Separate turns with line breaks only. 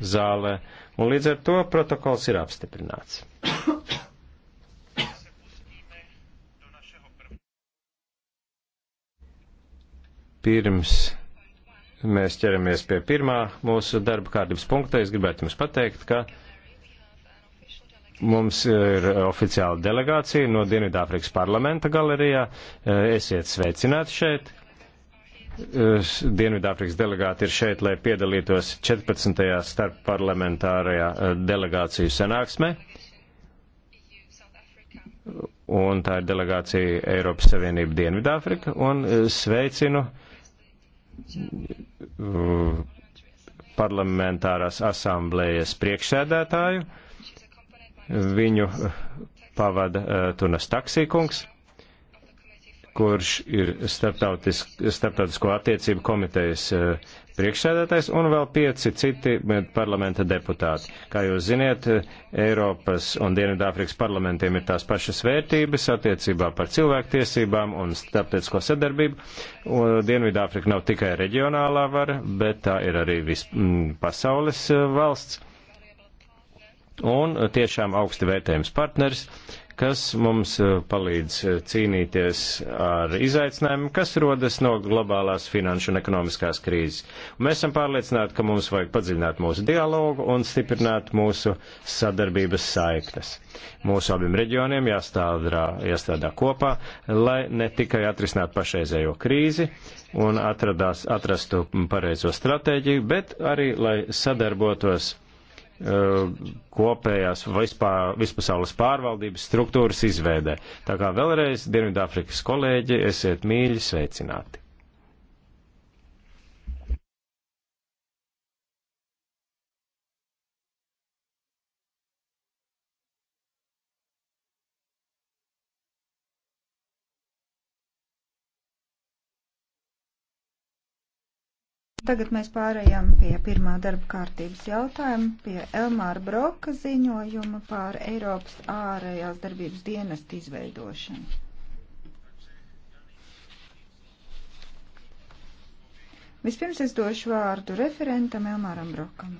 zālē, un līdz ar to protokols ir apstiprināts. Pirms mēs ķeramies pie pirmā mūsu darba kārtības punkta, es gribētu jums pateikt, ka mums ir oficiāla delegācija no Dienvidāfrikas parlamenta galerijā. Esiet sveicināti šeit! Dienvidāfrikas delegāti ir šeit, lai piedalītos 14. starpparlamentārajā eh, delegāciju sanāksmē. Un tā ir delegācija Eiropas Savienība Dienvidāfrika. Un eh, sveicinu eh, parlamentārās asamblējas priekšsēdētāju. Viņu pavada Tunas Taksīkungs kurš ir starptautisko attiecību komitejas e, priekšsēdētājs, un vēl pieci citi e, parlamenta deputāti. Kā jūs ziniet, e, Eiropas un Dienvidāfrikas parlamentiem ir tās pašas vērtības attiecībā par cilvēktiesībām un starptautisko sadarbību. Dienvidāfrika nav tikai reģionālā vara, bet tā ir arī vis, pasaules valsts un eh, tiešām augsti vērtējums partners, kas mums eh, palīdz eh, cīnīties ar izaicinājumiem, kas rodas no globālās finanšu un ekonomiskās krīzes. Un mēs esam pārliecināti, ka mums vajag padziļināt mūsu dialogu un stiprināt mūsu sadarbības saiknes. Mūsu abiem reģioniem jāstrādā, jāstrādā kopā, lai ne tikai atrisinātu pašreizējo krīzi un atradās, atrastu pareizo stratēģiju, bet arī lai sadarbotos Uh, kopējās vispār, vispasaules pārvaldības struktūras izveidē. Tā kā vēlreiz Dienvidāfrikas kolēģi, esiet mīļi, sveicināti!
Tagad mēs pārējām pie pirmā darba kārtības jautājuma, pie Elmāra Broka ziņojuma pār Eiropas ārējās darbības dienestu izveidošanu. Vispirms es došu vārdu referentam Elmāram Brokam.